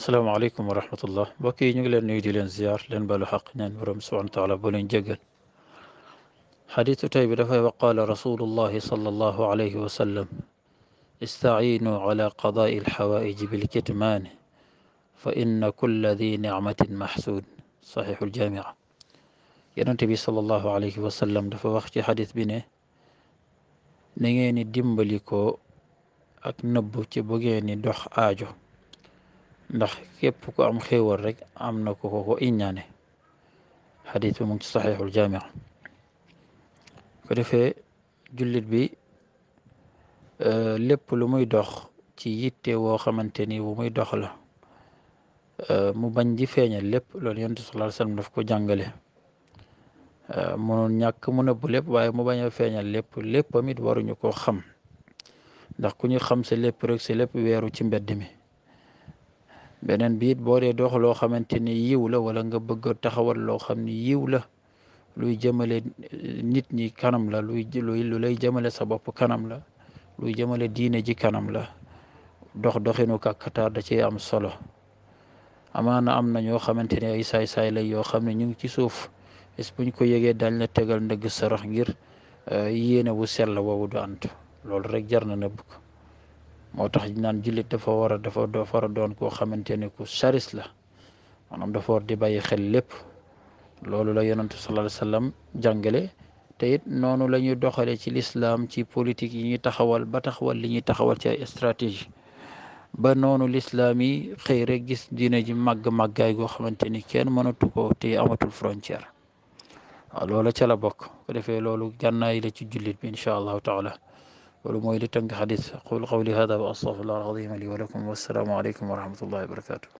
السلام عليكم ورحمة الله بكي نقول لنا يدي لنا زيار لنا بلو حق برم سبحانه وتعالى بولين جغل حديث تايب دفع وقال رسول الله صلى الله عليه وسلم استعينوا على قضاء الحوائج بالكتمان فإن كل ذي نعمة محسود صحيح الجامعة ينتبه صلى الله عليه وسلم دفع وقت حديث بنا نيني دمبليكو أكنبو تبغيني دوخ آجو ndax képp ku am xéewal rek am na ko ko iññaane xadis bi mu ngi ci saxiixul jaamic ko defee jullit bi euh, lépp lu muy dox ci yitte woo xamante ni muy doxla la euh, mu bañ di feeñal lépp loolu yonent sallallahu alayhi wasallam daf ko jàngale euh, mënoon ñàkk mu nëbb lépp waaye mu bañ a feeñal lépp lépp amit waruñu koo xam ndax ku ñu xam sa lépp rek sa lépp weeru ci mbedd mi beneen biit boo dee dox loo xamante ni yiw la wala nga bëgg a taxawal loo xam ni yiw la luy jëmale eh, nit ñi kanam la luy lu lay jëmale sa bopp kanam la luy jëmale diine ji kanam la dox doxinu kàkkatar da ciy am solo na am na ñoo xamante ne ay saay-saay lay yoo xam ne ñu ngi ci suuf bés buñ ko yëgee dañ na tegal ndëgg sarax ngir eh, yéene wu sell woowu du antu loolu rek jar na nëbb ko moo tax naan jullit dafa war a dafa dafa war doon koo xamante ne ku saris la maanaam dafa war di bàyyi xel lépp loolu la yonantu sallallahu alayhi wa sallam jàngale te it noonu la ñuy doxalee ci lislaam ci politique yi ñuy taxawal ba taxawal li ñuy taxawal ci ay stratégie ba noonu lislaam yi xëy gis diine ji màgg-màggaay goo xamante ni kenn mënatu ko te amatul frontière waaw loola ca la bokk ko defee loolu gànnaay la ci jullit bi incha allahu taala والأمور لتنك حديث أقول قولي هذا وأستغفر الله العظيم لي ولكم والسلام عليكم ورحمة الله وبركاته